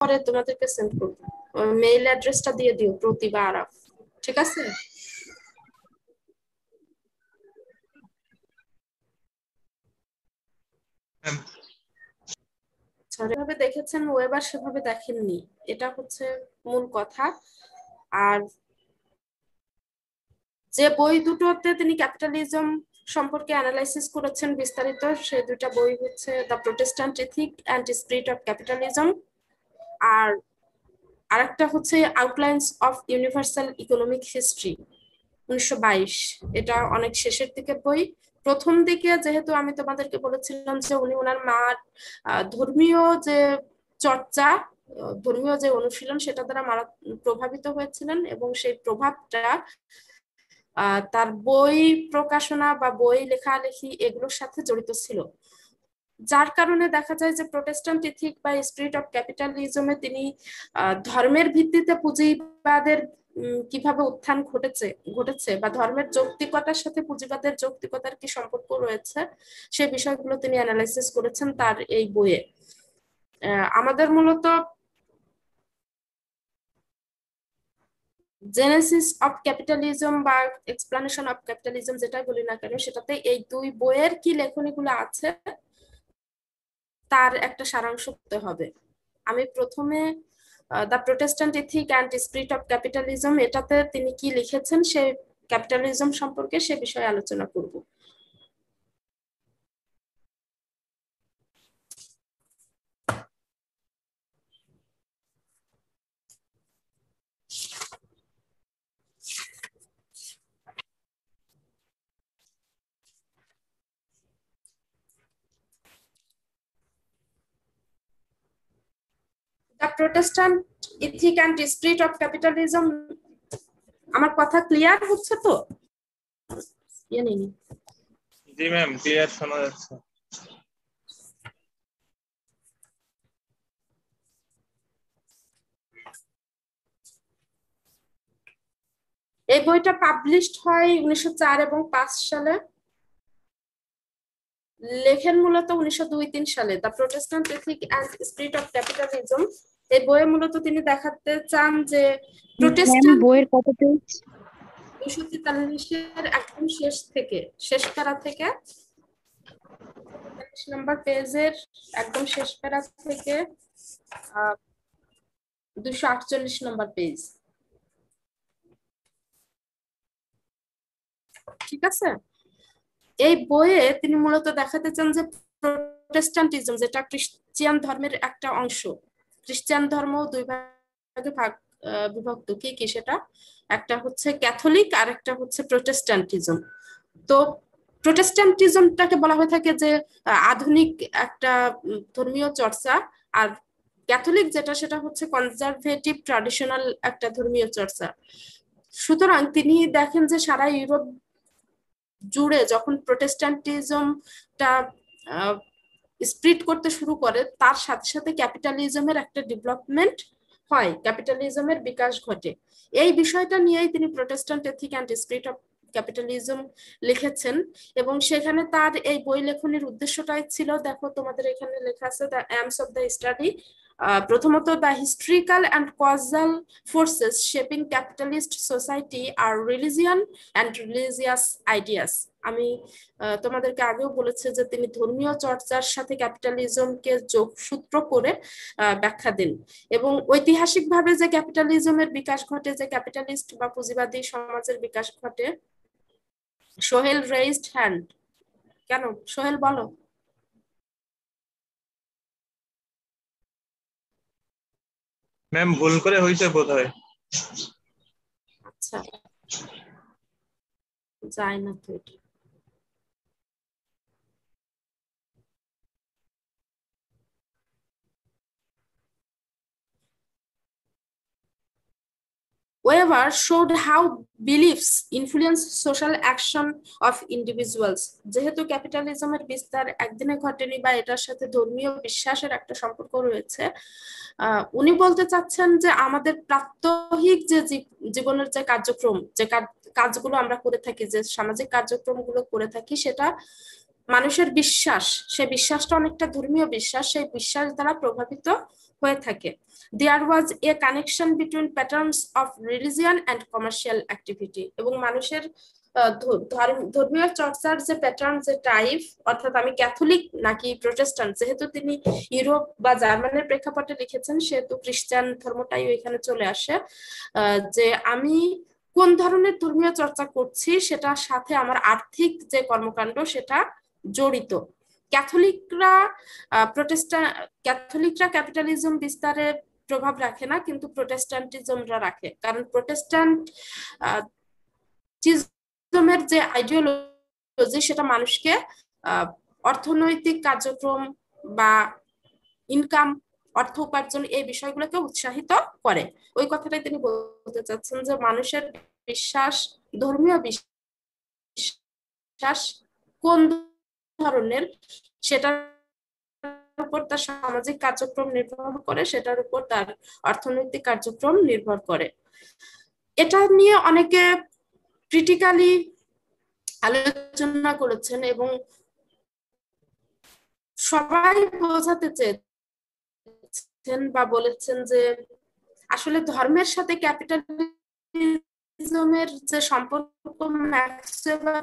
পরে তোমাদেরকে সেন্ড করব মেইল অ্যাড্রেসটা দিয়ে দিও প্রতিভা আরাফ ঠিক আছে যেভাবে দেখেছেন ওয়েবার সেভাবে দেখেননি এটা হচ্ছে মূল কথা আর যে বই দুটোতে তিনি ক্যাপিটালিজম সম্পর্কে অ্যানালাইসিস করেছেন বিস্তারিত সে দুটা বই হচ্ছে the Protestant ethic and spirit of capitalism আর আরেকটা হচ্ছে outlines of universal economic history উনিশশো এটা অনেক শেষের দিকে বই প্রথম দিকে যেহেতু আমি তোমাদেরকে বলেছিলাম যে উনি ওনার মার ধর্মীয় যে চর্চা ধর্মীয় যে অনুশীলন সেটা দ্বারা মারা প্রভাবিত হয়েছিলেন এবং সেই প্রভাবটা তার বই প্রকাশনা বা বই লেখালেখি এগুলোর সাথে জড়িত ছিল যার কারণে দেখা যায় যে প্রোটেস্টান্ট ইথিক বা স্পিরিট অফ ক্যাপিটালিজমে তিনি ধর্মের ভিত্তিতে পুঁজিবাদের কিভাবে উত্থান ঘটেছে ঘটেছে বা ধর্মের যৌক্তিকতার সাথে পুঁজিবাদের যৌক্তিকতার কি সম্পর্ক রয়েছে সে বিষয়গুলো তিনি অ্যানালাইসিস করেছেন তার এই বইয়ে আমাদের মূলত জেনেসিস অফ ক্যাপিটালিজম বা এক্সপ্লানেশন অফ ক্যাপিটালিজম যেটা বলি না কেন সেটাতে এই দুই বইয়ের কি লেখনীগুলো আছে তার একটা সারাংশ করতে হবে আমি প্রথমে the Protestant ethic and spirit of capitalism এটাতে তিনি কি লিখেছেন সে ক্যাপিটালিজম সম্পর্কে সে বিষয়ে আলোচনা করবো the protestant ethic and spirit of capitalism আমার কথা ক্লিয়ার হচ্ছে তো ইয়ে নেই জি ম্যাম ক্লিয়ার শোনা যাচ্ছে এই বইটা পাবলিশড হয় উনিশশো চার এবং পাঁচ সালে লেখেন মূলত উনিশশো দুই তিন সালে the Protestant ethic and spirit of capitalism এই বইয়ে মূলত তিনি দেখাতে চান যে বইয়ের কত পেজ দুশো তেতাল্লিশের একদম শেষ থেকে শেষ প্যারা থেকে নাম্বার পেজের একদম শেষ প্যারা থেকে দুশো আটচল্লিশ নম্বর পেজ ঠিক আছে এই বইয়ে তিনি মূলত দেখাতে চান যে প্রোটেস্ট্যান্টিজম যেটা খ্রিস্টিয়ান ধর্মের একটা অংশ খ্রিস্টান ধর্ম দুই ভাগে ভাগ বিভক্ত কি কি সেটা একটা হচ্ছে ক্যাথলিক আর একটা হচ্ছে প্রোটেস্ট্যান্টিজম তো প্রোটেস্ট্যান্টিজমটাকে বলা হয়ে থাকে যে আধুনিক একটা ধর্মীয় চর্চা আর ক্যাথলিক যেটা সেটা হচ্ছে কনজারভেটিভ ট্রাডিশনাল একটা ধর্মীয় চর্চা সুতরাং তিনি দেখেন যে সারা ইউরোপ জুড়ে যখন প্রোটেস্ট্যান্টিজমটা স্প্রিট করতে শুরু করে তার সাথে সাথে ক্যাপিটালিজমের একটা ডেভেলপমেন্ট হয় ক্যাপিটালিজমের বিকাশ ঘটে এই বিষয়টা নিয়েই তিনি Protestant ethic and spirit of capitalism লিখেছেন এবং সেখানে তার এই বই লেখনের উদ্দেশ্যটাই ছিল দেখো তোমাদের এখানে লেখা আছে the aims of the study প্রথমত the historical and causal forces shaping capitalist society আর রিলিজিয়ান অ্যান্ড রিলিজিয়াস আইডিয়াস আমি তোমাদেরকে আগেও বলেছি যে তিনি ধর্মীয় চর্চার সাথে ক্যাপিটালিজমকে যোগসূত্র করে ব্যাখ্যা দেন এবং ঐতিহাসিকভাবে যে ক্যাপিটালিজমের বিকাশ ঘটে যে ক্যাপিটালিস্ট বা পুঁজিবাদী সমাজের বিকাশ ঘটে সোহেল রেইজড হ্যান্ড কেন সোহেল বলো ম্যাম ভুল করে হয়েছে হয় আচ্ছা যাই না তো এটা wherever showed how beliefs influence social action of individuals যেহেতু ক্যাপিটালিজমের বিস্তার একদিনে ঘটেনি বা এটার সাথে ধর্মীয় বিশ্বাসের একটা সম্পর্ক রয়েছে উনি বলতে চাচ্ছেন যে আমাদের প্রাত্যহিক যে জীবনের যে কার্যক্রম যে কাজগুলো আমরা করে থাকি যে সামাজিক কার্যক্রমগুলো করে থাকি সেটা মানুষের বিশ্বাস সে বিশ্বাসটা অনেকটা ধর্মীয় বিশ্বাস সেই বিশ্বাস দ্বারা প্রভাবিত হয়ে থাকে there was a connection between patterns of religion and commercial activity এবং মানুষের ধর্মীয় চর্চার যে প্যাটার্ন যে টাইপ অর্থাৎ আমি ক্যাথলিক নাকি প্রোটেস্টান্ট যেহেতু তিনি ইউরোপ বা জার্মানের প্রেক্ষাপটে লিখেছেন সেহেতু খ্রিস্টান ধর্মটাই এখানে চলে আসে যে আমি কোন ধরনের ধর্মীয় চর্চা করছি সেটার সাথে আমার আর্থিক যে কর্মকাণ্ড সেটা জড়িত ক্যাথলিকরা প্রোটেস্টা ক্যাথলিকরা ক্যাপিটালিজম বিস্তারে প্রভাব রাখে না কিন্তু প্রোটেস্ট্যান্টিজমরা রাখে কারণ প্রোটেস্ট্যান্টিজমের যে আইডিওলজি সেটা মানুষকে অর্থনৈতিক কার্যক্রম বা ইনকাম অর্থ উপার্জন এই বিষয়গুলোকে উৎসাহিত করে ওই কথাটাই তিনি বলতে চাচ্ছেন যে মানুষের বিশ্বাস ধর্মীয় বিশ্বাস কোন ধরনের সেটা উপর তার সামাজিক কার্যক্রম নির্ভর করে সেটার উপর তার অর্থনৈতিক কার্যক্রম নির্ভর করে এটা নিয়ে অনেকে ক্রিটিক্যালি আলোচনা করেছেন এবং সবাই বোঝাতে চেয়েছেন বা বলেছেন যে আসলে ধর্মের সাথে ক্যাপিটালিজমের যে সম্পর্ক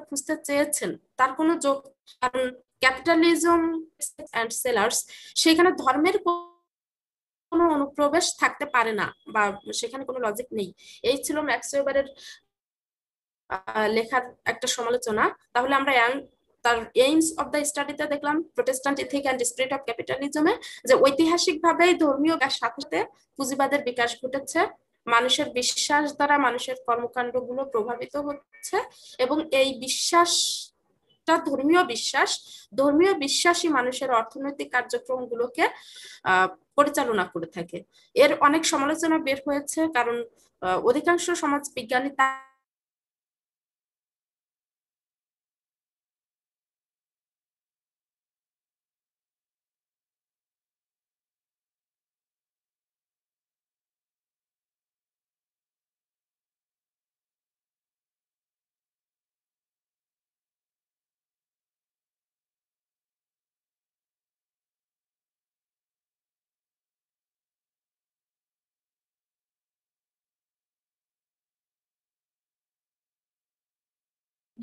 খুঁজতে চেয়েছেন তার কোনো যোগ কারণ ক্যাপিটালিজম অ্যান্ড সেলার্স সেখানে ধর্মের কোনো অনুপ্রবেশ থাকতে পারে না বা সেখানে কোনো লজিক নেই এই ছিল ম্যাক্স ওয়েবারের লেখার একটা সমালোচনা তাহলে আমরা তার এইমস অব দ্য স্টাডিতে দেখলাম Protestant ethic and spirit of ক্যাপিটালিজমে যে ঐতিহাসিকভাবে ধর্মীয় সাথে পুঁজিবাদের বিকাশ ঘটেছে মানুষের বিশ্বাস দ্বারা মানুষের কর্মকাণ্ডগুলো প্রভাবিত হচ্ছে এবং এই বিশ্বাস একটা ধর্মীয় বিশ্বাস ধর্মীয় বিশ্বাসী মানুষের অর্থনৈতিক কার্যক্রমগুলোকে পরিচালনা করে থাকে এর অনেক সমালোচনা বের হয়েছে কারণ অধিকাংশ সমাজ বিজ্ঞানী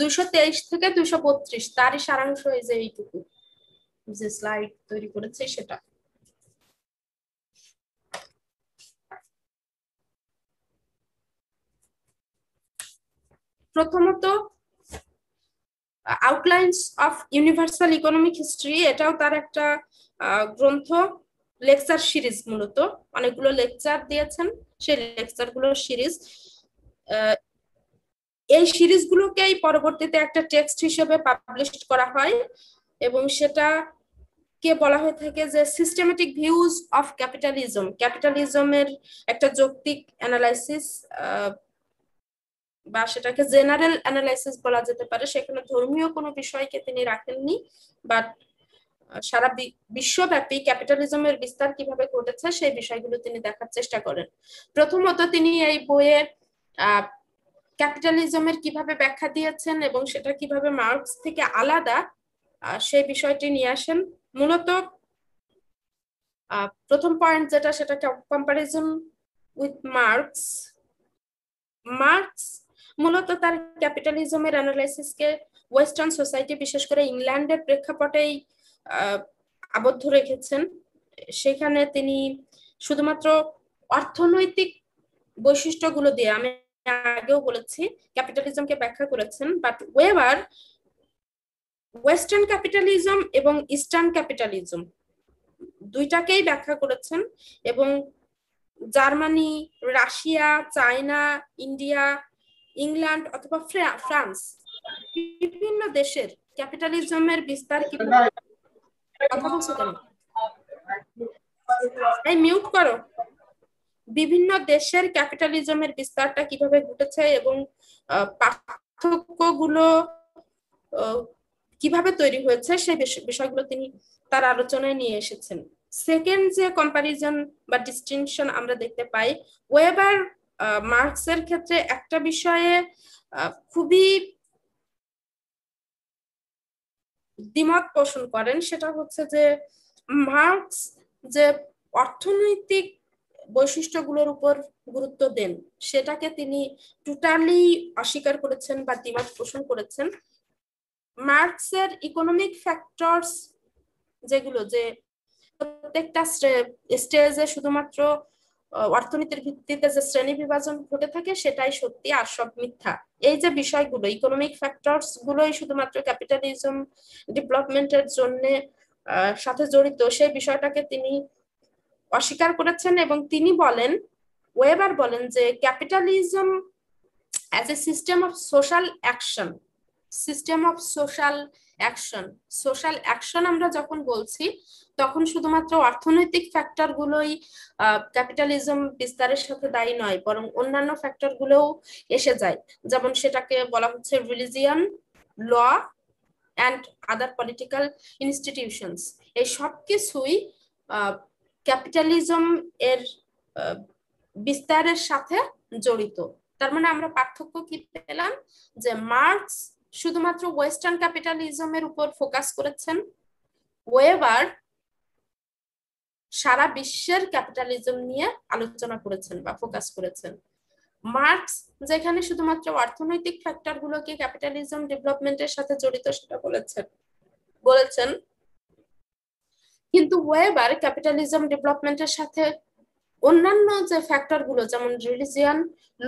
দুইশো তেইশ থেকে দুইশো বত্রিশ তারই সারাংশ এই যে এইটুকু যে স্লাইড তৈরি করেছে সেটা প্রথমত outlines of universal economic history এটাও তার একটা গ্রন্থ লেকচার সিরিজ মূলত অনেকগুলো লেকচার দিয়েছেন সেই লেকচারগুলোর সিরিজ এই সিরিজগুলোকেই পরবর্তীতে একটা টেক্সট হিসেবে পাবলিশ করা হয় এবং সেটা কে বলা হয়ে থাকে যে সিস্টেমেটিক ভিউজ অফ ক্যাপিটালিজম ক্যাপিটালিজমের একটা যৌক্তিক অ্যানালাইসিস বা সেটাকে জেনারেল অ্যানালাইসিস বলা যেতে পারে সেখানে ধর্মীয় কোনো বিষয়কে তিনি রাখেননি বাট সারা বিশ্বব্যাপী ক্যাপিটালিজমের বিস্তার কিভাবে ঘটেছে সেই বিষয়গুলো তিনি দেখার চেষ্টা করেন প্রথমত তিনি এই বইয়ের ক্যাপিটালিজমের কিভাবে ব্যাখ্যা দিয়েছেন এবং সেটা কিভাবে মার্কস থেকে আলাদা সেই বিষয়টি নিয়ে আসেন মূলত প্রথম পয়েন্ট যেটা সেটা কম্পারিজন উইথ মার্কস মার্কস মূলত তার ক্যাপিটালিজমের অ্যানালাইসিসকে ওয়েস্টার্ন সোসাইটি বিশেষ করে ইংল্যান্ডের প্রেক্ষাপটেই আবদ্ধ রেখেছেন সেখানে তিনি শুধুমাত্র অর্থনৈতিক বৈশিষ্ট্যগুলো দিয়ে আমি আগেও বলেছি ক্যাপিটালিজমকে ব্যাখ্যা করেছেন বাট ওয়েবার ওয়েস্টার্ন ক্যাপিটালিজম এবং ইস্টার্ন ক্যাপিটালিজম দুইটাকেই ব্যাখ্যা করেছেন এবং Germany Russia China India England অথবা ফ্রান্স বিভিন্ন দেশের ক্যাপিটালিজমের বিস্তার কি কথা বলছো মিউট করো বিভিন্ন দেশের ক্যাপিটালিজমের বিস্তারটা কিভাবে ঘটেছে এবং পার্থক্যগুলো কিভাবে তৈরি হয়েছে সেই বিষয়গুলো তিনি তার আলোচনায় নিয়ে এসেছেন সেকেন্ড যে কম্পারিজন বা ডিস্টিংশন আমরা দেখতে পাই ওয়েবার মার্কসের ক্ষেত্রে একটা বিষয়ে খুবই দ্বিমত পোষণ করেন সেটা হচ্ছে যে মার্কস যে অর্থনৈতিক বৈশিষ্ট্যগুলোর উপর গুরুত্ব দেন সেটাকে তিনি টোটালি অস্বীকার করেছেন বা দ্বিমত পোষণ করেছেন মার্কসের ইকোনমিক ফ্যাক্টরস যেগুলো যে প্রত্যেকটা স্টেজে শুধুমাত্র অর্থনীতির ভিত্তিতে যে শ্রেণী বিভাজন ঘটে থাকে সেটাই সত্যি আর সব মিথ্যা এই যে বিষয়গুলো ইকোনমিক ফ্যাক্টরস গুলোই শুধুমাত্র ক্যাপিটালিজম ডেভেলপমেন্টের জন্য সাথে জড়িত সেই বিষয়টাকে তিনি অস্বীকার করেছেন এবং তিনি বলেন ওয়েবার বলেন যে capitalism as a system of social action system of social action social action আমরা যখন বলছি তখন শুধুমাত্র অর্থনৈতিক ফ্যাক্টর গুলোই ক্যাপিটালিজম বিস্তারের সাথে দায়ী নয় বরং অন্যান্য ফ্যাক্টর গুলোও এসে যায় যেমন সেটাকে বলা হচ্ছে religion law and other political institutions এই সব কিছুই ক্যাপিটালিজম এর বিস্তারের সাথে জড়িত তার মানে আমরা পার্থক্য কি পেলাম যে মার্কস শুধুমাত্র ওয়েস্টার্ন ক্যাপিটালিজমের উপর ফোকাস করেছেন ওয়েবার সারা বিশ্বের ক্যাপিটালিজম নিয়ে আলোচনা করেছেন বা ফোকাস করেছেন মার্কস যেখানে শুধুমাত্র অর্থনৈতিক ফ্যাক্টর গুলোকে ক্যাপিটালিজম ডেভেলপমেন্টের সাথে জড়িত সেটা বলেছেন বলেছেন কিন্তু ওয়েবার ক্যাপিটালিজম ডেভেলপমেন্টের সাথে অন্যান্য যে ফ্যাক্টর গুলো যেমন রিলিজিয়ান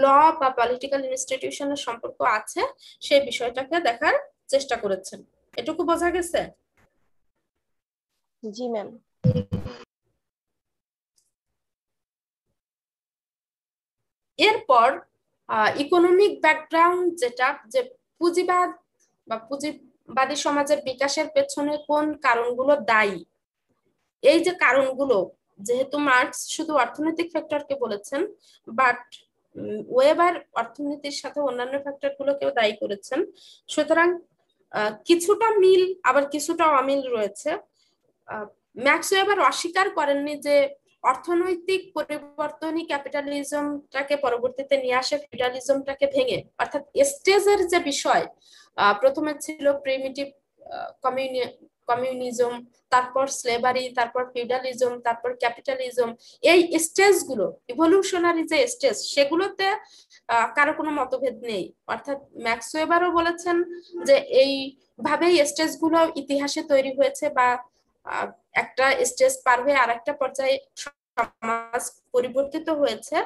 ল বা পলিটিক্যাল ইনস্টিটিউশনের সম্পর্ক আছে সেই বিষয়টাকে দেখার চেষ্টা করেছেন এটুকু বোঝা গেছে জি ম্যাম এরপর ইকোনমিক ব্যাকগ্রাউন্ড যেটা যে পুঁজিবাদ বা পুঁজিবাদী সমাজের বিকাশের পেছনে কোন কারণগুলো দায়ী এই যে কারণগুলো যেহেতু মার্কস শুধু অর্থনৈতিক ফ্যাক্টরকে বলেছেন বাট ওয়েবার অর্থনীতির সাথে অন্যান্য ফ্যাক্টর গুলোকেও দায়ী করেছেন সুতরাং কিছুটা মিল আবার কিছুটা অমিল রয়েছে ম্যাক্স ওয়েবার অস্বীকার করেননি যে অর্থনৈতিক পরিবর্তনই ক্যাপিটালিজমটাকে পরবর্তীতে নিয়ে আসে ক্যাপিটালিজমটাকে ভেঙে অর্থাৎ স্টেজের যে বিষয় প্রথমে ছিল প্রিমিটিভ কমিউনি কমিউনিজম তারপর স্লেভারি তারপর ফিউডালিজম তারপর ক্যাপিটালিজম এই স্টেজগুলো ইভলিউশনারি যে স্টেজ সেগুলোতে কারো কোনো মতভেদ নেই অর্থাৎ ম্যাক্স এবারও বলেছেন যে এই ভাবেই স্টেজগুলো ইতিহাসে তৈরি হয়েছে বা একটা স্টেজ পার হয়ে আর একটা পর্যায়ে সমাজ পরিবর্তিত হয়েছে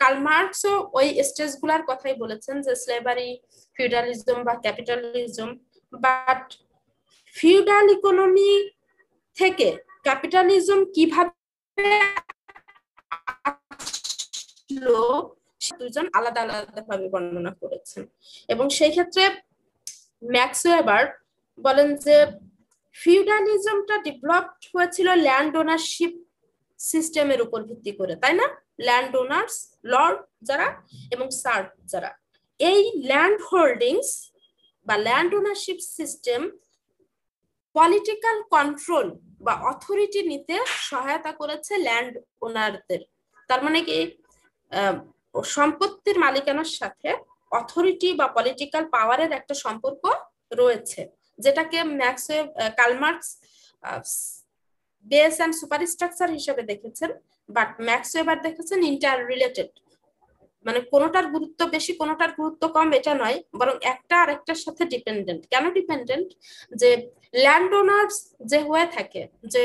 কার্ল মার্কসও ওই স্টেজগুলার কথাই বলেছেন যে স্লেভারি ফিউডালিজম বা ক্যাপিটালিজম বাট ফিউডাল ইকোনমি থেকে ক্যাপিটালিজম কিভাবে দুজন আলাদা আলাদা ভাবে বর্ণনা করেছেন এবং সেই ক্ষেত্রে ম্যাক্স ওয়েবার বলেন যে ফিউডালিজমটা ডেভেলপড হয়েছিল ল্যান্ড ওনারশিপ সিস্টেমের উপর ভিত্তি করে তাই না ল্যান্ড ওনার্স লর্ড যারা এবং সার্ট যারা এই ল্যান্ড হোল্ডিংস বা land ownership system political control বা অথরিটি নিতে সহায়তা করেছে ল্যান্ড ওনারদের তার মানে কি সম্পত্তির মালিকানার সাথে অথরিটি বা পলিটিক্যাল পাওয়ারের একটা সম্পর্ক রয়েছে যেটাকে ম্যাক্সওয়ে কালমার্কস বেস অ্যান্ড সুপারস্ট্রাকচার হিসেবে দেখেছেন বাট ম্যাক্সওয়েবার দেখেছেন ইন্টার রিলেটেড মানে কোনোটার গুরুত্ব বেশি কোনোটার গুরুত্ব কম এটা নয় বরং একটা আর একটার সাথে ডিপেন্ডেন্ট কেন ডিপেন্ডেন্ট যে ল্যান্ড ওনার্স যে হয়ে থাকে যে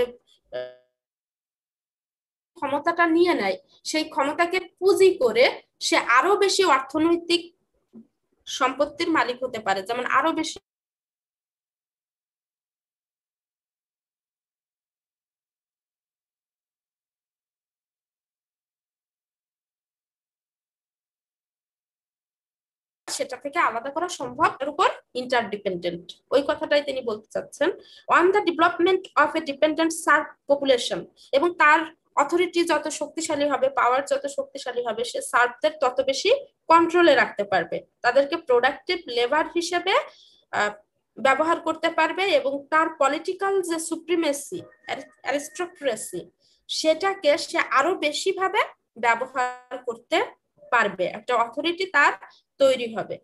ক্ষমতাটা নিয়ে নেয় সেই ক্ষমতাকে পুঁজি করে সে আরো বেশি অর্থনৈতিক সম্পত্তির মালিক হতে পারে যেমন আরো বেশি সেটা থেকে আলাদা করা সম্ভব এর উপর ইন্টারডিপেন্ডেন্ট ওই কথাটাই তিনি বলতে চাচ্ছেন on the development of a dependent serf population এবং তার অথরিটি যত শক্তিশালী হবে পাওয়ার যত শক্তিশালী হবে সে সার্ভদের তত বেশি কন্ট্রোলে রাখতে পারবে তাদেরকে প্রোডাক্টিভ লেবার হিসেবে ব্যবহার করতে পারবে এবং তার পলিটিক্যাল যে সুপ্রিমেসি অ্যারিস্টোক্রেসি সেটাকে সে আরো বেশি ভাবে ব্যবহার করতে পারবে একটা অথরিটি তার তৈরি হবে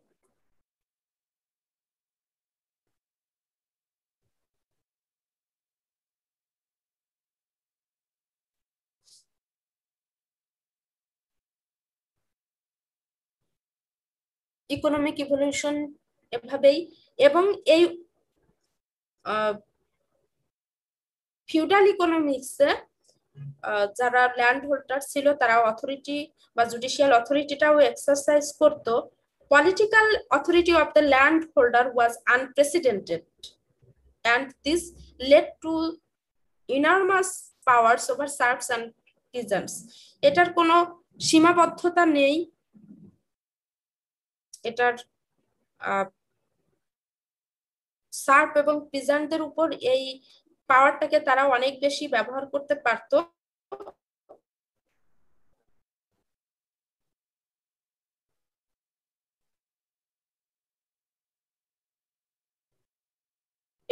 ইকোনমিক ইভলিউশন এভাবেই এবং এই ফিউডাল ইকোনমিক্সে যারা ল্যান্ড হোল্ডার ছিল তারা অথরিটি বা জুডিশিয়াল অথরিটিটাও এক্সারসাইজ করতো political authority of the landholder was unprecedented and this led to enormous powers over serfs and peasants এটার কোনো সীমাবদ্ধতা নেই এটার সার্প এবং পিজানদের উপর এই পাওয়ারটাকে তারা অনেক বেশি ব্যবহার করতে পারত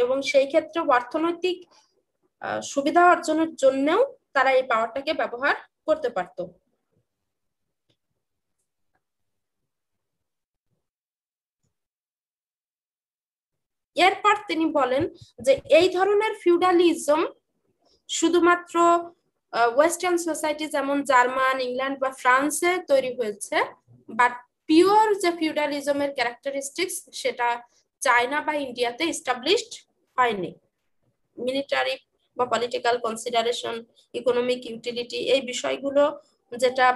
এবং সেই ক্ষেত্রে অর্থনৈতিক সুবিধা অর্জনের জন্যও তারা এই পাওয়ারটাকে ব্যবহার করতে পারত এরপর তিনি বলেন যে এই ধরনের ফিউডালিজম শুধুমাত্র ওয়েস্টার্ন সোসাইটি যেমন জার্মান ইংল্যান্ড বা ফ্রান্সে তৈরি হয়েছে বাট পিওর যে ফিউডালিজমের ক্যারেক্টারিস্টিক্স সেটা চায়না বা ইন্ডিয়াতে এস্টাবলিশড হয়নি মিলিটারি বা পলিটিক্যাল কনসিডারেশন ইকোনমিক ইউটিলিটি এই বিষয়গুলো যেটা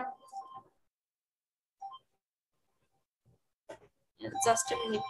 জাস্ট মিনিট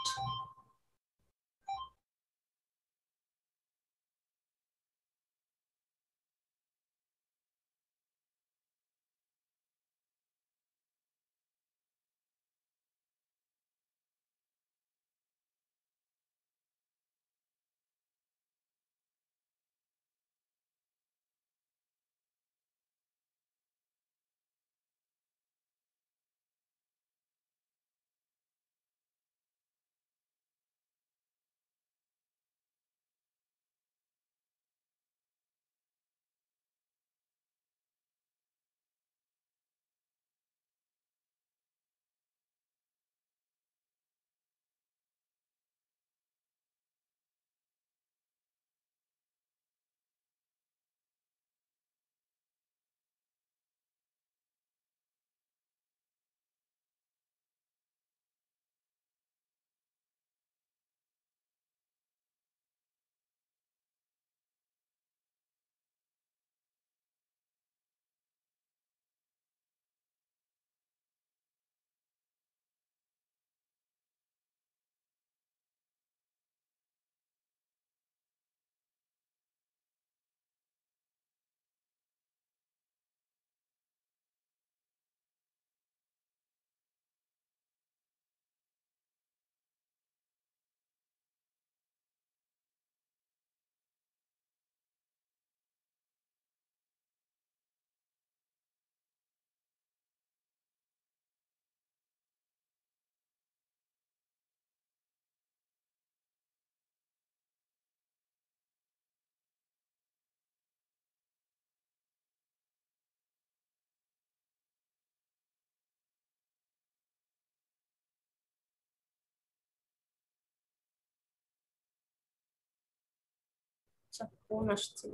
আচ্ছা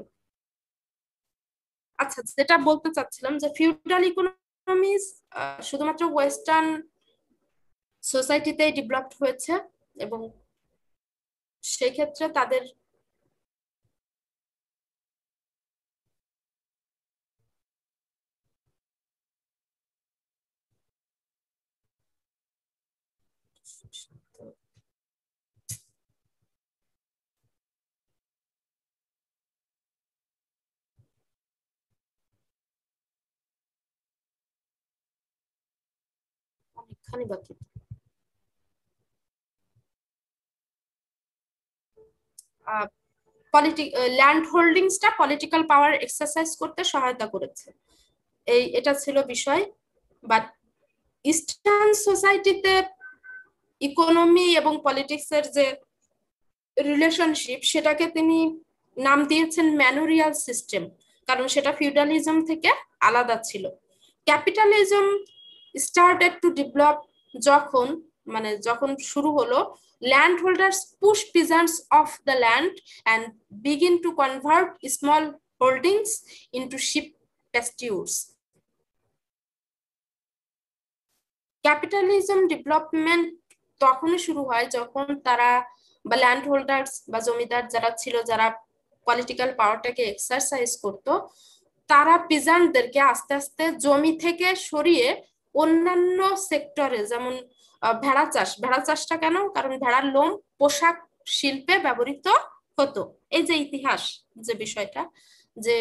আচ্ছা যেটা বলতে চাচ্ছিলাম যে ফিউডাল ইকোনমিস শুধুমাত্র ওয়েস্টার্ন সোসাইটিতে ডেভেলপড হয়েছে এবং সেই ক্ষেত্রে তাদের খানি বাকি ল্যান্ড হোল্ডিংসটা পলিটিক্যাল পাওয়ার এক্সারসাইজ করতে সহায়তা করেছে এই এটা ছিল বিষয় বাট ইস্টার্ন সোসাইটিতে ইকোনমি এবং পলিটিক্সের যে রিলেশনশিপ সেটাকে তিনি নাম দিয়েছেন ম্যানোরিয়াল সিস্টেম কারণ সেটা ফিউডালিজম থেকে আলাদা ছিল ক্যাপিটালিজম স্টার্টেড টু ডেভেলপ যখন মানে যখন শুরু হলো land holders push peasants off the land and begin to convert small holdings into sheep pastures capitalism development তখনই শুরু হয় যখন তারা বা ল্যান্ড হোল্ডার্স বা জমিদার যারা ছিল যারা পলিটিক্যাল পাওয়ারটাকে এক্সারসাইজ করত তারা পিজানদেরকে আস্তে আস্তে জমি থেকে সরিয়ে অন্যান্য সেক্টরে যেমন ভেড়া চাষ ভেড়া চাষটা কেন কারণ ভেড়ার লোম পোশাক শিল্পে ব্যবহৃত হতো এই যে ইতিহাস যে বিষয়টা যে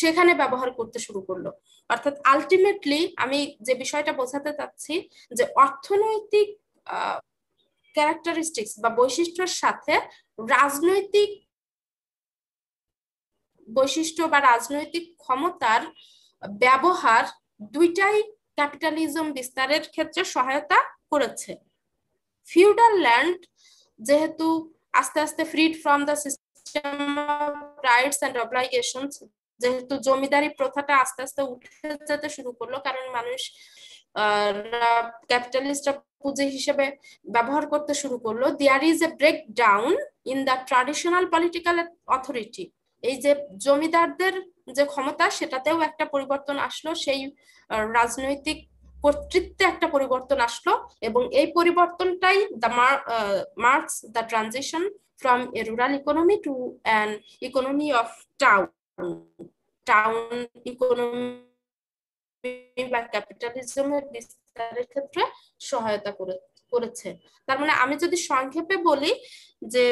সেখানে ব্যবহার করতে শুরু করলো অর্থাৎ আলটিমেটলি আমি যে বিষয়টা বোঝাতে চাচ্ছি যে অর্থনৈতিক ক্যারেক্টারিস্টিক্স বা বৈশিষ্ট্যের সাথে রাজনৈতিক বৈশিষ্ট্য বা রাজনৈতিক ক্ষমতার ব্যবহার দুইটাই ক্যাপিটালিজম বিস্তারের ক্ষেত্রে সহায়তা করেছে ফিউডাল ল্যান্ড যেহেতু আস্তে আস্তে freed from the system rights and obligations যেহেতু জমিদারি প্রথাটা আস্তে আস্তে উঠে যেতে শুরু করলো কারণ মানুষ ক্যাপিটালিস্টরা পুঁজি হিসেবে ব্যবহার করতে শুরু করলো there is a breakdown in the traditional political authority এই যে জমিদারদের যে ক্ষমতা সেটাতেও একটা পরিবর্তন আসলো সেই রাজনৈতিক কর্তৃত্বে একটা পরিবর্তন আসলো এবং এই পরিবর্তনটাই the marks the transition from a rural economy to an economy of town town economy বা ক্যাপিটালিজমের বিস্তারের ক্ষেত্রে সহায়তা করে করেছে তার মানে আমি যদি সংক্ষেপে বলি যে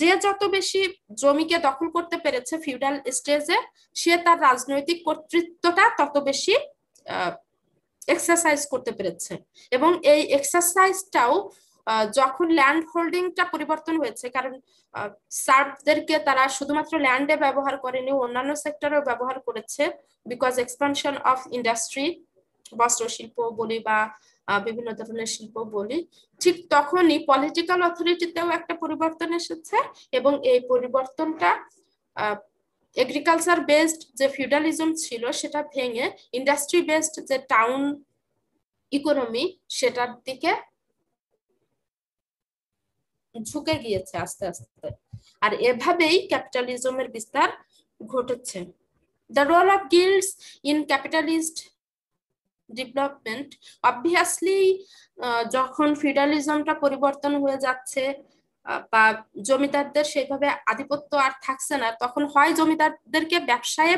যে যত বেশি জমিকে দখল করতে পেরেছে ফিউডাল স্টেজে সে তার রাজনৈতিক কর্তৃত্বটা তত বেশি এক্সারসাইজ করতে পেরেছে এবং এই এক্সারসাইজটাও যখন ল্যান্ড হোল্ডিংটা পরিবর্তন হয়েছে কারণ সার্ভদেরকে তারা শুধুমাত্র ল্যান্ডে ব্যবহার করেনি অন্যান্য সেক্টরেও ব্যবহার করেছে বিকজ এক্সপানশন অফ ইন্ডাস্ট্রি বস্ত্রশিল্প বলি বা বিভিন্ন ধরনের শিল্প বলি ঠিক তখনই পলিটিক্যাল অথরিটিতেও একটা পরিবর্তন এসেছে এবং এই পরিবর্তনটা এগ্রিকালচার বেসড যে ফিউডালিজম ছিল সেটা ভেঙে ইন্ডাস্ট্রি বেসড যে টাউন ইকোনমি সেটার দিকে ঝুঁকে গিয়েছে আস্তে আস্তে আর এভাবেই ক্যাপিটালিজমের বিস্তার ঘটেছে the role of guilds in capitalist development obviously যখন ফিডালিজমটা পরিবর্তন হয়ে যাচ্ছে বা জমিদারদের সেইভাবে আধিপত্য আর থাকছে না তখন হয় জমিদারদেরকে ব্যবসায়ে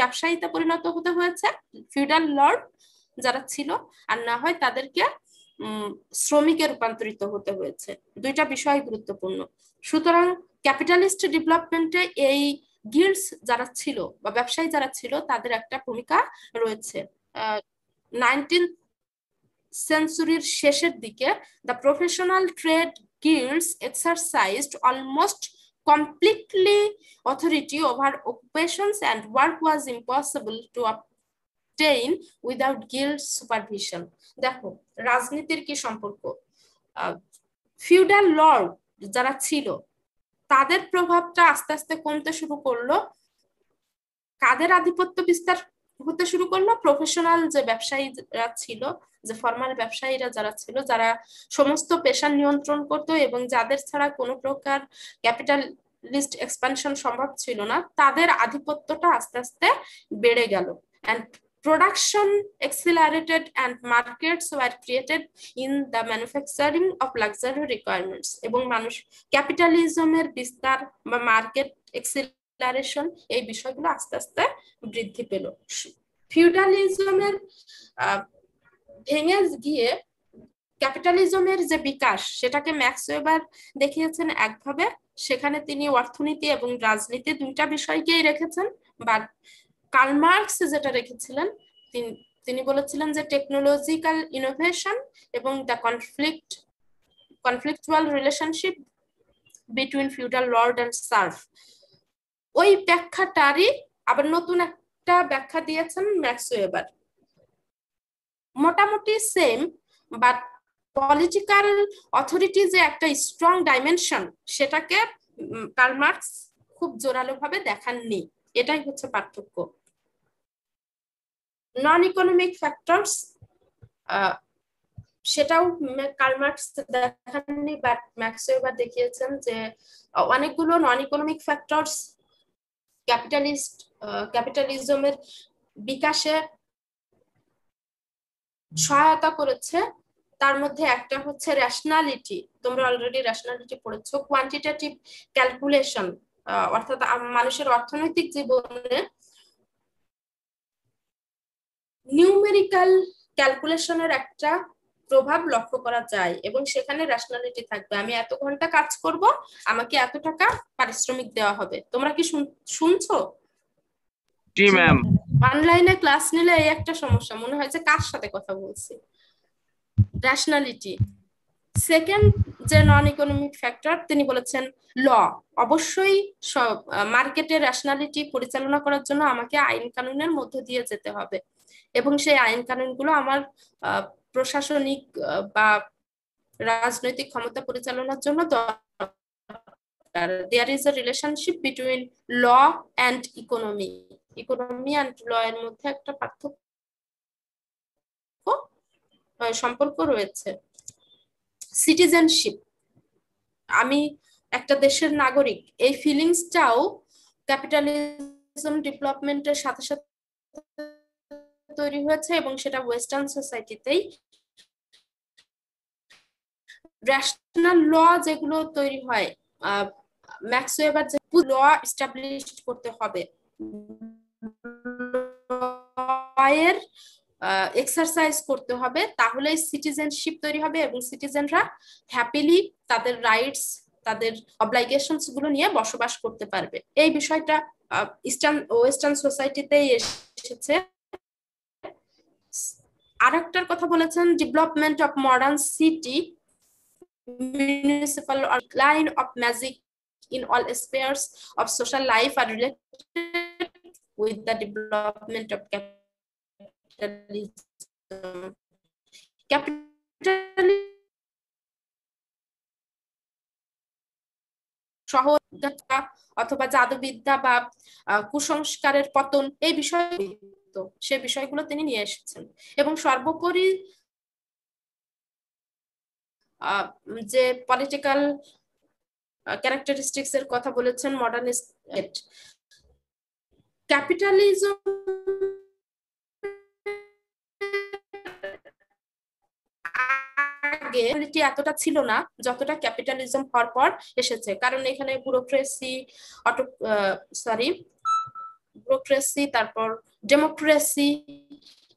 ব্যবসায়ীতে পরিণত হতে হয়েছে ফিউডাল লর্ড যারা ছিল আর না হয় তাদেরকে শ্রমিকে রূপান্তরিত হতে হয়েছে দুইটা বিষয় গুরুত্বপূর্ণ সুতরাং ক্যাপিটালিস্ট ডেভেলপমেন্টে এই গিল্ডস যারা ছিল বা ব্যবসায়ী যারা ছিল তাদের একটা ভূমিকা রয়েছে আহ 19th সেঞ্চুরির শেষের দিকে the professional trade guilds exercised almost completely authority over occupations and work was impossible to obtain without guild supervision দেখো রাজনীতির কি সম্পর্ক ফিউডাল লর্ড যারা ছিল তাদের প্রভাবটা আস্তে আস্তে কমতে শুরু করলো কাদের আধিপত্য বিস্তার হতে শুরু করলো প্রফেশনাল যে ব্যবসায়ীরা ছিল যে ফর্মাল ব্যবসায়ীরা যারা ছিল যারা সমস্ত পেশা নিয়ন্ত্রণ করত এবং যাদের ছাড়া কোনো প্রকার ক্যাপিটাল লিস্ট এক্সপানশন সম্ভব ছিল না তাদের আধিপত্যটা আস্তে আস্তে বেড়ে গেল and production accelerated and markets were created in the manufacturing of luxury requirements এবং মানুষ ক্যাপিটালিজমের বিস্তার বা মার্কেট ডিক্লারেশন এই বিষয়গুলো আস্তে আস্তে বৃদ্ধি পেল ফিউডালিজমের ভেঙে গিয়ে ক্যাপিটালিজমের যে বিকাশ সেটাকে ম্যাক্স ওয়েবার দেখিয়েছেন একভাবে সেখানে তিনি অর্থনীতি এবং রাজনীতি দুইটা বিষয়কেই রেখেছেন বা কালমার্কস যেটা রেখেছিলেন তিনি বলেছিলেন যে টেকনোলজিক্যাল ইনোভেশন এবং the conflict conflictual relationship between feudal lord and serf ওই ব্যাখ্যাটারই আবার নতুন একটা ব্যাখ্যা দিয়েছেন ম্যাক্স মোটামুটি সেম বাট পলিটিক্যাল অথরিটি যে একটা স্ট্রং ডাইমেনশন সেটাকে কার্ল খুব জোরালো ভাবে দেখাননি এটাই হচ্ছে পার্থক্য নন ইকোনমিক ফ্যাক্টরস সেটাও কার্ল দেখাননি বাট ম্যাক্স দেখিয়েছেন যে অনেকগুলো নন ইকোনমিক ফ্যাক্টরস ক্যাপিটালিস্ট ক্যাপিটালিজমের বিকাশে সহায়তা করেছে তার মধ্যে একটা হচ্ছে রেশনালিটি তোমরা অলরেডি রেশনালিটি পড়েছো কোয়ান্টিটেটিভ ক্যালকুলেশন অর্থাৎ মানুষের অর্থনৈতিক জীবনে নিউমেরিক্যাল ক্যালকুলেশনের একটা প্রভাব লক্ষ্য করা যায় এবং সেখানে রেশনালিটি থাকবে আমি এত ঘন্টা কাজ করব আমাকে এত টাকা পারিশ্রমিক দেওয়া হবে তোমরা কি শুনছো জি ম্যাম অনলাইনে ক্লাস নিলে এই একটা সমস্যা মনে হয় যে কার সাথে কথা বলছি রেশনালিটি সেকেন্ড যে নন ইকোনমিক ফ্যাক্টর তিনি বলেছেন ল অবশ্যই সব মার্কেটের রেশনালিটি পরিচালনা করার জন্য আমাকে আইন কানুনের মধ্য দিয়ে যেতে হবে এবং সেই আইন কানুনগুলো আমার প্রশাসনিক বা রাজনৈতিক ক্ষমতা পরিচালনার জন্য there is a relationship between law and economy economy and law এর মধ্যে একটা পার্থক্য সম্পর্ক রয়েছে সিটিজেনশিপ আমি একটা দেশের নাগরিক এই ফিলিংসটাও ক্যাপিটালিজম ডেভেলপমেন্টের সাথে সাথে তৈরি হয়েছে এবং সেটা ওয়েস্টার্ন সোসাইটিতেই রেশনাল ল যেগুলো তৈরি হয় ম্যাক্স ওয়েবার যে ল এস্টাবলিশ করতে হবে এর এক্সারসাইজ করতে হবে তাহলে সিটিজেনশিপ তৈরি হবে এবং সিটিজেনরা হ্যাপিলি তাদের রাইটস তাদের অবলাইগেশনস গুলো নিয়ে বসবাস করতে পারবে এই বিষয়টা ইস্টার্ন ওয়েস্টার্ন সোসাইটিতে এসেছে আরেকটার কথা বলেছেন development of modern city municipal line of magic in all spheres of life আর উইথ দ্য ডেভেলপমেন্ট অফ সহজতা অথবা জাদুবিদ্যা বা কুসংস্কারের পতন এই বিষয়ে সে বিষয়গুলো তিনি নিয়ে এসেছেন এবং সর্বোপরি যে পলিটিক্যাল ক্যারেক্টারিস্টিক্স এর কথা বলেছেন মডার্নিস্ট ক্যাপিটালিজম আগে এতটা ছিল না যতটা ক্যাপিটালিজম হওয়ার পর এসেছে কারণ এখানে ব্যুরোক্রেসি অটো সরি ব্যুরোক্রেসি তারপর ডেমোক্রেসি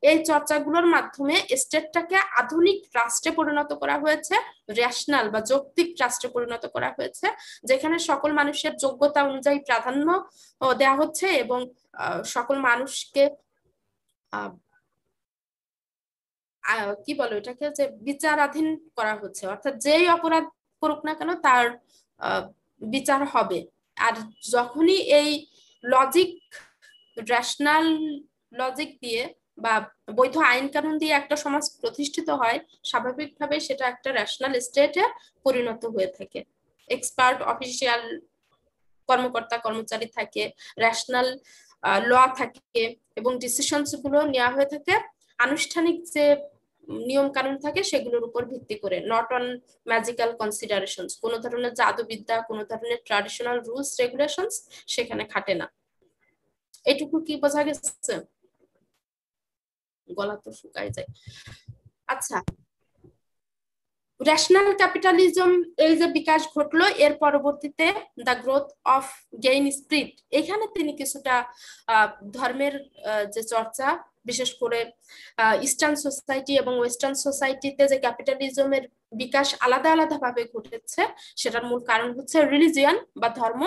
এই চর্চাগুলোর মাধ্যমে স্টেটটাকে আধুনিক রাষ্ট্রে পরিণত করা হয়েছে রেশনাল বা যৌক্তিক রাষ্ট্রে পরিণত করা হয়েছে যেখানে সকল মানুষের যোগ্যতা অনুযায়ী প্রাধান্য দেয়া হচ্ছে এবং সকল মানুষকে কি বলো এটাকে যে বিচারাধীন করা হচ্ছে অর্থাৎ যেই অপরাধ করুক না কেন তার বিচার হবে আর যখনই এই লজিক রেশনাল লজিক দিয়ে বা বৈধ আইন কানুন দিয়ে একটা সমাজ প্রতিষ্ঠিত হয় স্বাভাবিকভাবে সেটা একটা রেশনাল স্টেটে পরিণত হয়ে থাকে এক্সপার্ট অফিসিয়াল কর্মকর্তা কর্মচারী থাকে রেশনাল ল থাকে এবং ডিসিশন গুলো নেওয়া হয়ে থাকে আনুষ্ঠানিক যে নিয়ম কানুন থাকে সেগুলোর উপর ভিত্তি করে নট অন ম্যাজিক্যাল কনসিডারেশন কোনো ধরনের জাদুবিদ্যা কোনো ধরনের ট্রাডিশনাল রুলস রেগুলেশনস সেখানে খাটে না এটুকু কি বোঝা গেছে গলা তো শুকায় যায় আচ্ছা রেশনাল ক্যাপিটালিজম এই যে বিকাশ ঘটলো এর পরবর্তীতে the growth of gain spirit এখানে তিনি কিছুটা ধর্মের যে চর্চা বিশেষ করে ইস্টার্ন সোসাইটি এবং ওয়েস্টার্ন সোসাইটিতে যে ক্যাপিটালিজমের বিকাশ আলাদা আলাদা ভাবে ঘটেছে সেটার মূল কারণ হচ্ছে রিলিজিয়ান বা ধর্ম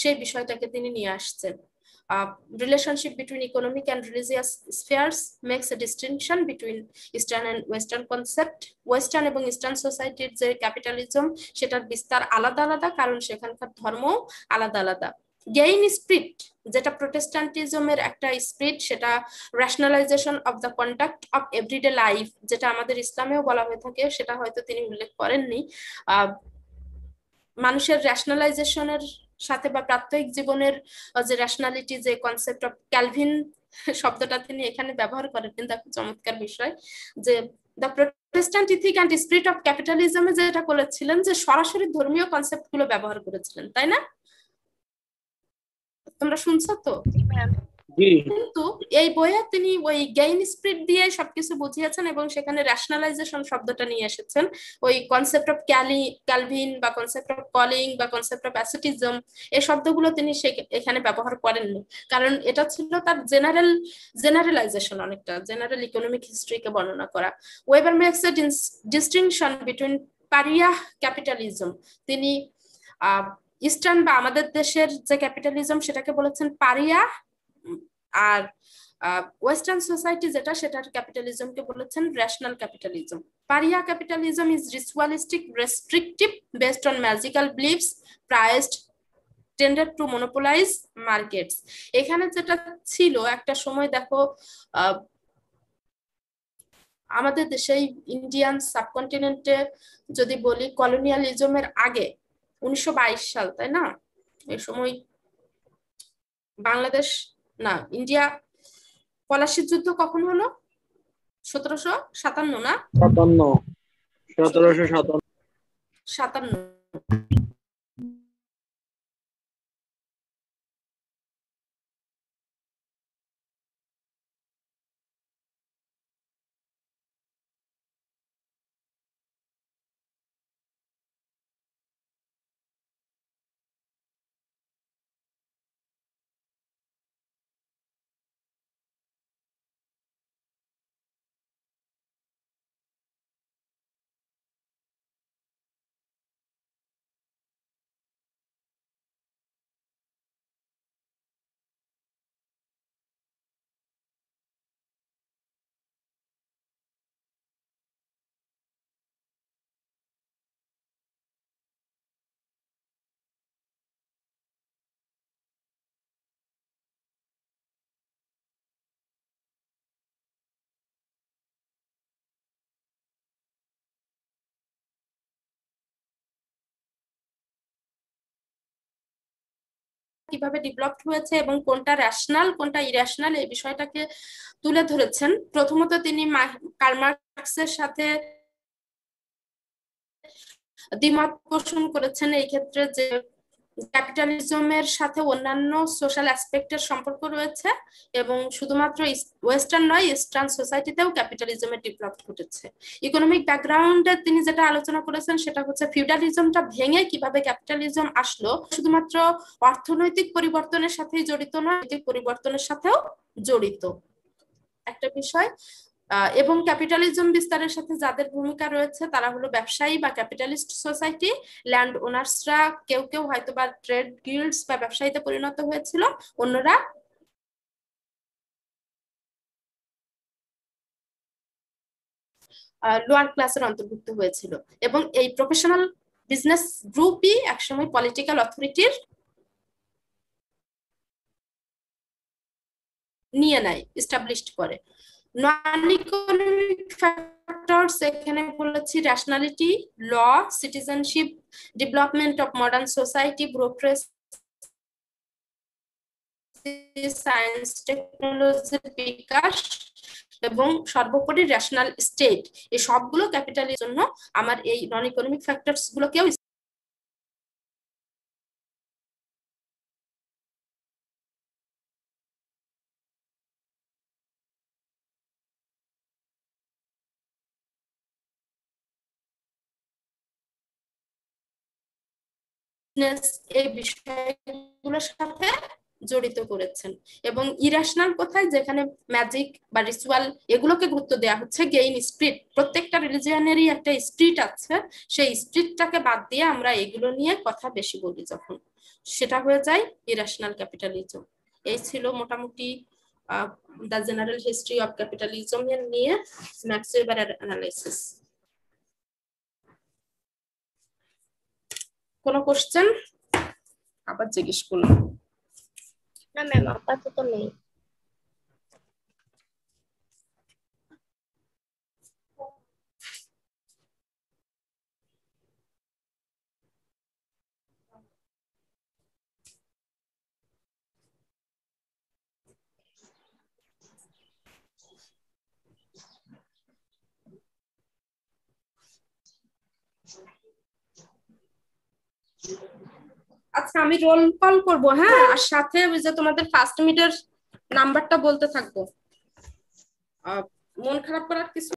সেই বিষয়টাকে তিনি নিয়ে আসছেন uh, relationship between economic and religious spheres makes a distinction between Eastern and Western concept. Western এবং ইস্টার্ন সোসাইটির যে ক্যাপিটালিজম সেটার বিস্তার আলাদা আলাদা কারণ সেখানকার ধর্ম আলাদা আলাদা গেইন স্পিরিট যেটা প্রোটেস্ট্যান্টিজমের একটা স্পিরিট সেটা rationalization of the conduct of everyday life যেটা আমাদের ইসলামেও বলা হয়ে থাকে সেটা হয়তো তিনি উল্লেখ করেননি মানুষের রেশনালাইজেশনের সাথে বা প্রাত্যহিক জীবনের যে রেশনালিটি যে কনসেপ্ট অফ ক্যালভিন শব্দটা তিনি এখানে ব্যবহার করেন কিন্তু একটা চমৎকার বিষয় যে the Protestant ethic and spirit of ক্যাপিটালিজমে যেটা বলেছিলেন যে সরাসরি ধর্মীয় কনসেপ্ট গুলো ব্যবহার করেছিলেন তাই না তোমরা শুনছো তো কিন্তু এই বইয়ে তিনি ওই গেইন স্প্রিট দিয়ে সবকিছু বুঝিয়েছেন এবং সেখানে রেশনালাইজেশন শব্দটা নিয়ে এসেছেন ওই কনসেপ্ট অফ ক্যালি ক্যালভিন বা কনসেপ্ট অফ কলিং বা কনসেপ্ট অফ অ্যাসিটিজম এই শব্দগুলো তিনি এখানে ব্যবহার করেননি কারণ এটা ছিল তার জেনারেল জেনারেলাইজেশন অনেকটা জেনারেল ইকোনমিক হিস্ট্রিকে বর্ণনা করা Weber makes a distinction between pariah capitalism তিনি ইস্টার্ন বা আমাদের দেশের যে ক্যাপিটালিজম সেটাকে বলেছেন পারিয়া আর ওয়েস্টার্ন সোসাইটি যেটা সেটার ক্যাপিটালিজমকে বলেছেন rational capitalism pariah capitalism is ritualistic restrictive based on magical beliefs priced tender to monopolize markets এখানে যেটা ছিল একটা সময় দেখো আমাদের দেশে ইন্ডিয়ান সাবকন্টিনেন্টে যদি বলি কলোনিয়ালিজমের আগে উনিশশো সাল তাই না এই সময় বাংলাদেশ না ইন্ডিয়া পলাশির যুদ্ধ কখন হলো সতেরোশো সাতান্ন না সাতান্ন সতেরোশো সাতান্ন সাতান্ন কিভাবে ডেভেলপড হয়েছে এবং কোনটা রেশনাল কোনটা ইরেশনাল এই বিষয়টাকে তুলে ধরেছেন প্রথমত তিনি কার্মার্কসের সাথে দ্বিমত পোষণ করেছেন এই ক্ষেত্রে যে ক্যাপিটালিজমের সাথে অন্যান্য সোশ্যাল অ্যাসপেক্টের সম্পর্ক রয়েছে এবং শুধুমাত্র ওয়েস্টার্ন নয় ইস্টার্ন সোসাইটিতেও ক্যাপিটালিজমের ডেভেলপ ঘটেছে ইকোনমিক ব্যাকগ্রাউন্ডে তিনি যেটা আলোচনা করেছেন সেটা হচ্ছে ফিউডালিজমটা ভেঙে কিভাবে ক্যাপিটালিজম আসলো শুধুমাত্র অর্থনৈতিক পরিবর্তনের সাথেই জড়িত নয় পরিবর্তনের সাথেও জড়িত একটা বিষয় এবং ক্যাপিটালিজম বিস্তারের সাথে যাদের ভূমিকা রয়েছে তারা হলো ব্যবসায়ী বা ক্যাপিটালিস্ট সোসাইটি ল্যান্ড ওনার্সরা কেউ কেউ হয়তো বা ট্রেড গিল্ডস বা ব্যবসায়ীতে পরিণত হয়েছিল অন্যরা লোয়ার ক্লাসের অন্তর্ভুক্ত হয়েছিল এবং এই প্রফেশনাল বিজনেস গ্রুপই একসময় পলিটিক্যাল অথরিটির নিয়ে নেয় এস্টাবলিশড করে নন ইকোনমিক ফ্যাক্টরস এখানে বলেছি law citizenship development of modern society bureaucracy science টেকনোলজির বিকাশ এবং সর্বোপরি ন্যাশনাল স্টেট এই সবগুলো ক্যাপিটালের জন্য আমার এই নন ইকোনমিক ফ্যাক্টরস গুলোকেও ফিটনেস এই বিষয়গুলোর সাথে জড়িত করেছেন এবং ইরাশনাল কোথায় যেখানে ম্যাজিক বা রিচুয়াল এগুলোকে গুরুত্ব দেওয়া হচ্ছে গেইন স্ট্রিট প্রত্যেকটা রিলিজিয়ানেরই একটা স্ট্রিট আছে সেই স্ট্রিটটাকে বাদ দিয়ে আমরা এগুলো নিয়ে কথা বেশি বলি যখন সেটা হয়ে যায় ইরাশনাল ক্যাপিটালিজম এই ছিল মোটামুটি the general history of capitalism নিয়ে ম্যাক্সিবার অ্যানালাইসিস কোনো কোশ্চেন আবার জিজ্ঞেস করলাম না ম্যাম আপাতত নেই আচ্ছা আমি রোল কল করব হ্যাঁ আর সাথে ওই যে তোমাদের ফার্স্ট মিটার নাম্বারটা বলতে থাকবো মন খারাপ করার কিছু